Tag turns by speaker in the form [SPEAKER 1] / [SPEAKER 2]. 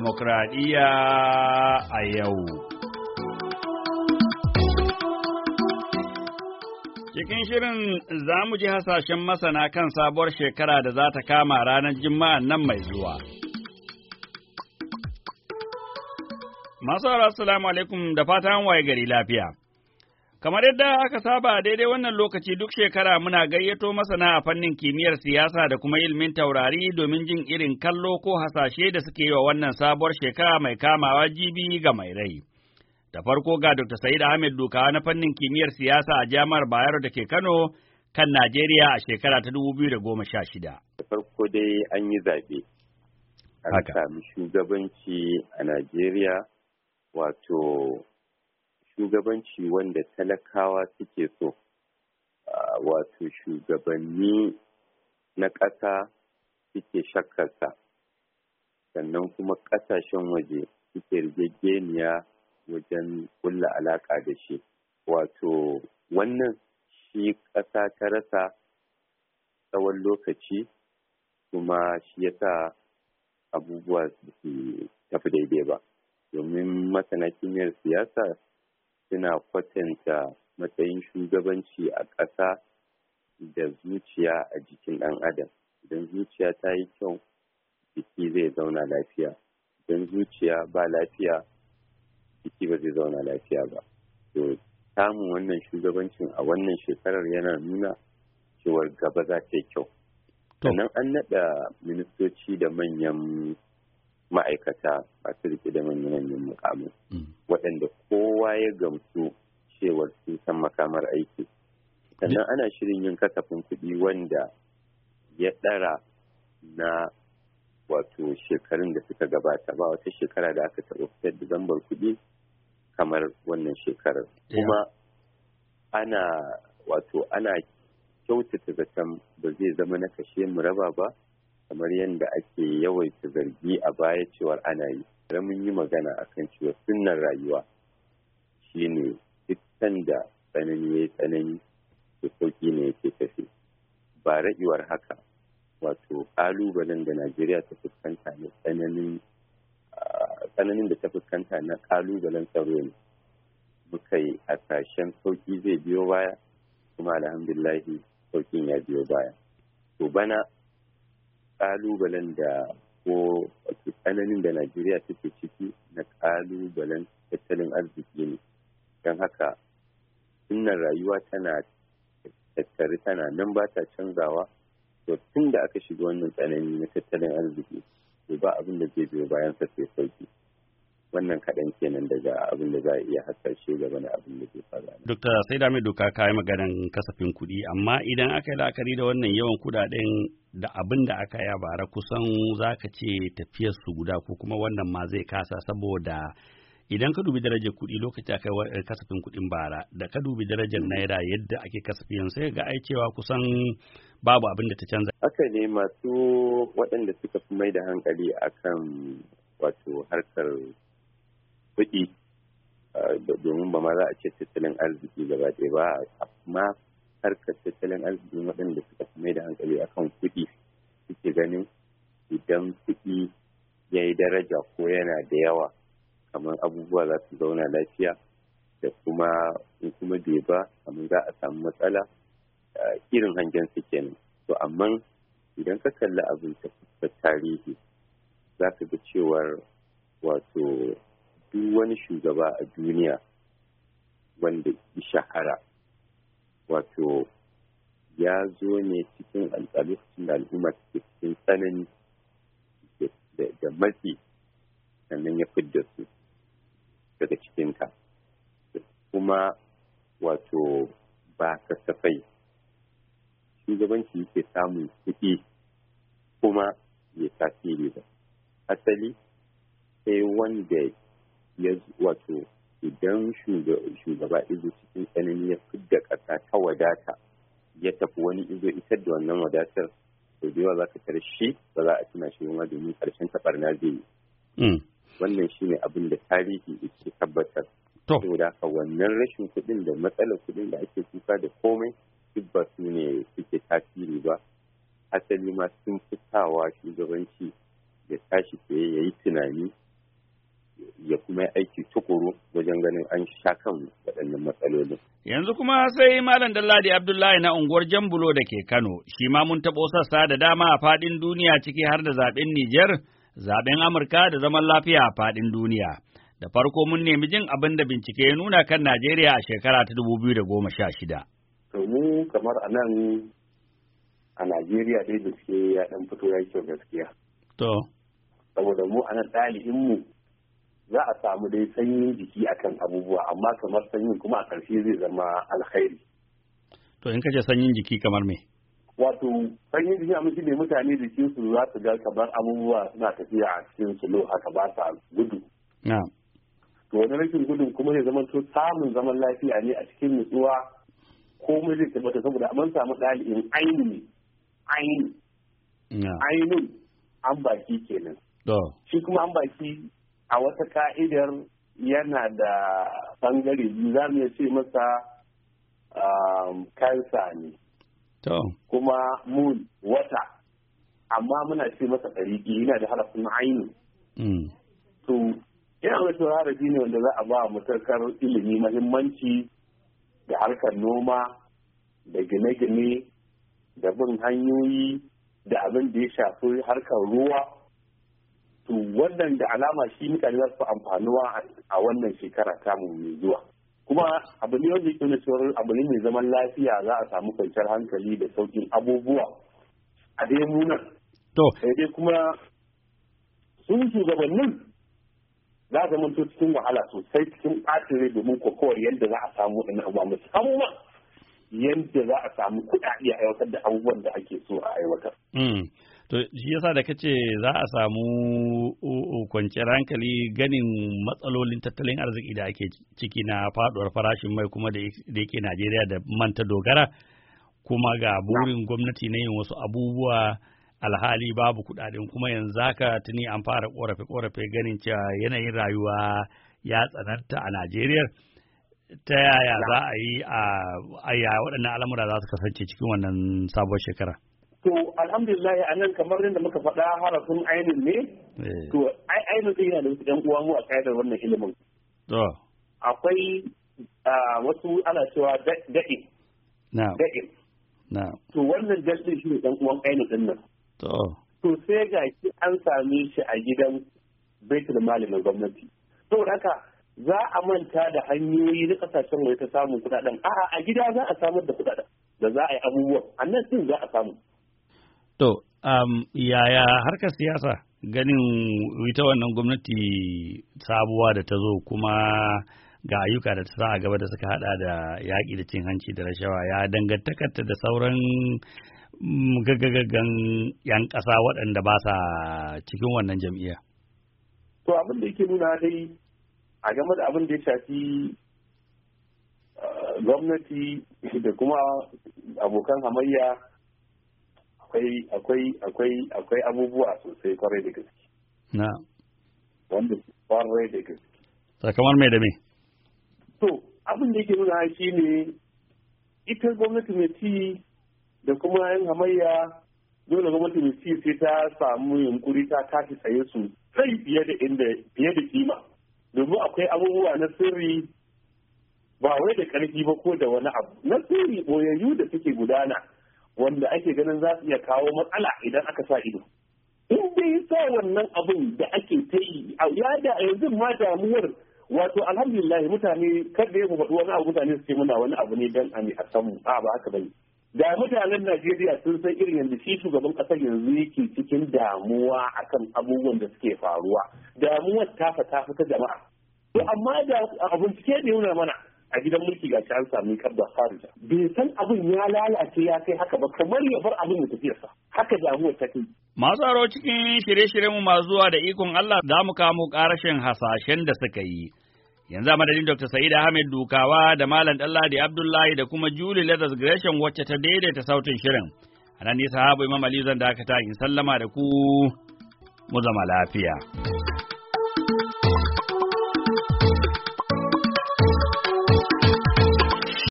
[SPEAKER 1] demokradiyya a yau. Cikin shirin za mu ji hasashen masana kan sabuwar shekara da za ta kama ranar Juma'a nan mai zuwa. Masu salamu alaikum da fatan waye gari lafiya. Kamar yadda aka saba a daidai wannan lokaci duk shekara muna gayyato masana a fannin kimiyyar siyasa da kuma ilimin taurari domin jin irin kallo ko hasashe da suke yi wa wannan sabuwar shekara mai kamawa jibi ga mai rai. Da farko ga Dr. Sa'id Ahmed Dukawa na fannin kimiyyar siyasa a Jami'ar Bayero da ke Kano kan Najeriya a shekara ta 2016.
[SPEAKER 2] Da farko dai an yi zaɓe. An shugabanci a Najeriya wato shugabanci wanda talakawa suke so wato shugabanni na ƙasa suke shakkarsa sannan kuma ƙasashen waje suke rigaggeniya wajen kulla alaƙa da shi wato wannan shi ƙasa ta rasa tsawon lokaci kuma shi ya sa abubuwa su tafi daidai ba domin masana kimiyyar siyasa suna kwatanta matsayin shugabanci a ƙasa da zuciya a jikin ɗan adam idan zuciya ta yi kyau jiki zai zauna lafiya idan zuciya ba lafiya jiki ba zai zauna lafiya ba to samun wannan shugabancin a wannan shekarar yana nuna cewar gaba za ta yi kyau sannan an naɗa ministoci da manyan ma'aikata masu riƙe da manyan mukamu hmm. waɗanda kowa ya gamsu cewar sun san makamar aiki sannan ana shirin yin kasafin kuɗi wanda ya ɗara na wato shekarun da suka gabata ba wata shekara da aka taɓa fitar da zambar kuɗi kamar wannan shekarar kuma ana wato ana kyautata zaton ba zai zama na kashe mu raba ba kamar yadda ake yawaita zargi a baya cewar ana yi da mun yi magana a kan cewa sunan rayuwa shine duk sanda tsanani ya tsanani da sauki ne yake tafi ba raɗiwar haka wato ƙalubalen da najeriya ta fuskanta ne tsananin da ta fuskanta na ƙalubalen tsaro ne muka yi a hasashen sauki zai biyo baya kuma alhamdulahi saukin ya biyo baya to bana kalubalen da ko tsananin da najeriya take ciki na kalubalen tattalin arziki ne don haka sunan rayuwa tana tattare tana nan ba ta canzawa to tun da aka shiga wannan tsanani na tattalin arziki to ba abin da zai biyo bayan sa sai sauki wannan kaɗan kenan daga abin da za a iya hasashe ga da abin da ke faruwa.
[SPEAKER 1] Dokta sai da mai doka kayi maganan kasafin kuɗi amma idan aka yi la'akari da wannan yawan kuɗaɗen da abin da aka yi bara kusan za ka ce tafiyar su guda ko kuma wannan ma zai kasa saboda idan ka dubi darajar kuɗi lokacin aka yi kasafin kuɗin bara da ka dubi darajar naira yadda ake kasafi sai ga ai cewa kusan babu abin da ta canza.
[SPEAKER 2] Haka ne masu waɗanda suka fi mai da hankali akan wato harkar kuɗi eh, domin ba ma za a ce tattalin arziki gaba ɗaya ba amma harkar tattalin arziki waɗanda suka fi mai da hankali akan kuɗi suke ganin idan kuɗi ya yi daraja ko yana da yawa kamar abubuwa za su zauna lafiya da kuma in kuma bai ba kamar za a samu matsala eh, irin hangen su kenan to amma idan ka kalli abin ta tarihi za ka ga cewar wato duk wani shugaba a duniya wanda ya shahara wato ya zo ne cikin alƙalifin da al'umma cikin tsanani da matsi sannan ya fidda su daga cikinta kuma wato ba kasafai shugabanci yake samun kuɗi kuma ya tasiri ba asali sai wanda ya wato idan shugaba izo cikin tsanani ya fidda ƙasa ta wadata ya tafi wani izo isar da wannan wadatar to da yawa za ka tarshe ba za a tuna shi ma domin ƙarshen na zai mm. Wannan shi ne abin da tarihi ke tabbatar. to Saboda haka wannan rashin kuɗin da matsalar kuɗin da ake kuka da komai duk ba su ne suke tasiri ba. Asali ma sun fitawa shugabanci ya tashi tsaye ya yi tunani ya kuma aiki tukuru wajen ganin an sha kan waɗannan matsalolin.
[SPEAKER 1] Yanzu kuma sai Malam Dalladi Abdullahi na unguwar Jambulo da ke Kano, shi ma mun taɓo sassa da dama a faɗin duniya ciki har da zaɓen Nijar, zaɓen Amurka da zaman lafiya a faɗin duniya. Da farko mun nemi jin abin da bincike ya nuna kan Najeriya a shekara ta dubu biyu da goma sha shida.
[SPEAKER 3] To mu kamar a nan a Najeriya dai bincike ya ɗan fito ya kyau gaskiya. To. Saboda mu a nan ɗalibinmu za a samu dai sanyin jiki akan abubuwa amma kamar sanyin kuma a ƙarshe zai zama alkhairi
[SPEAKER 1] to in kace sanyin jiki kamar me
[SPEAKER 3] wato sanyin jiki a mutum ne mutane jikin su za su ga kamar abubuwa suna tafiya a cikin lo haka ba sa gudu to wani rashin gudun kuma zai zama to samun zaman lafiya ne a cikin nutsuwa komai zai tabbata saboda an samu ɗalibin aini ainihin. ainin an baki kenan shi kuma an baki a wata ka'idar yana da bangare biyu za mu ce masa kansa um, ne kuma mun wata amma muna ce masa ɗariƙi yana da harafin ainu mm. to ina da ne wanda za a ba matakar ilimi mahimmanci da harkar noma da gine-gine da bin hanyoyi da abin da ya shafi harkar ruwa to wannan da alama shi mutane za su amfanuwa a wannan shekara mu mai zuwa kuma abu ne wanda yake cewa abu ne mai zaman lafiya za a samu kwanciyar hankali da sauƙin abubuwa a dai muna to sai dai kuma sun shugabannin za zama zamanto cikin wahala sosai cikin ɓacin domin kokowar yadda za a samu waɗannan abubuwa musamman yadda za a samu kuɗaɗe a aiwatar da abubuwan da ake so a aiwatar.
[SPEAKER 1] Mm. To shi yasa da kace za a samu kwanciyar hankali ganin matsalolin tattalin arziki da ake ciki na faduwar farashin mai kuma da yake Najeriya da manta dogara kuma ga burin gwamnati na yin wasu abubuwa alhali babu kudaden kuma yanzu haka tuni an fara korafe korafe ganin cewa yanayin rayuwa ya tsananta a Najeriya ta yaya za a yi a waɗannan al'amura za su kasance cikin wannan sabuwar shekara.
[SPEAKER 3] to alhamdulillah a nan kamar yadda muka faɗa harafin ainin ne eh. to ainin zai yana da wasu uwa mu a kaidar wannan ilimin akwai wasu ana cewa daɗi daɗi to wannan dalilin shi ne ɗan uwan ainin nan
[SPEAKER 1] to
[SPEAKER 3] sai ga shi an same shi a gidan baitul malamin gwamnati saboda haka za a manta da hanyoyi na kasashen waje ta samun kuɗaɗen a'a a gida za a samar da kuɗaɗen da za a yi abubuwan a nan sun za a samu
[SPEAKER 1] To, um, yaya harkar siyasa ganin ita wannan gwamnati sabuwa da ta zo kuma ga ayyuka da ta sa a gaba da suka hada da yaƙi da cin hanci da rashawa ya dangantakarta da sauran mm, gaggagaggan 'yan ƙasa waɗanda ba sa cikin wannan jam'iyya.
[SPEAKER 3] To abin da yake nuna dai a game da abin da ya shafi uh, gwamnati da kuma abokan hamayya akwai akwai akwai akwai abubuwa sosai kwarai da gaske na wanda kwarai da gaske
[SPEAKER 1] sakamar mai da me
[SPEAKER 3] to abin da yake nuna shi ne ita gwamnati mai ci da kuma yin hamayya dole gwamnati mai ci sai ta samu yunkuri ta tashi tsaye su sai fiye da inda fiye da kima domin akwai abubuwa na sirri ba wai da ƙarfi ba ko da wani abu na sirri boyayyu da suke gudana wanda ake ganin za su iya kawo matsala idan aka sa ido in dai sa wannan abin da ake ta yi Ya da a yanzu ma damuwar wato alhamdulillah mutane kada ya faɗi wani abu mutane su ce muna wani abu ne dan a ne a samu a ba haka bane da mutanen Najeriya sun san irin yanzu shi shugaban ƙasar yanzu yake cikin damuwa akan abubuwan da suke faruwa damuwar ta fata ta jama'a to amma da a cike ne nuna mana a gidan mulki ga an sami kabda farida bai san abin ya lalace ya kai haka ba kamar ya bar abin da tafiyarsa haka damuwar ta kai
[SPEAKER 1] Masu aro cikin shirye-shiryen mu masu zuwa da ikon Allah za mu kamo ƙarashin hasashen da suka yi. Yanzu a madadin Dr. Sa'ida Ahmed Dukawa da Malam Danladi Abdullahi da kuma Julie Leathers Gresham wacce ta daidaita sautin shirin. A nan nisa sahabu Imam Ali zan dakata in sallama da ku mu zama lafiya.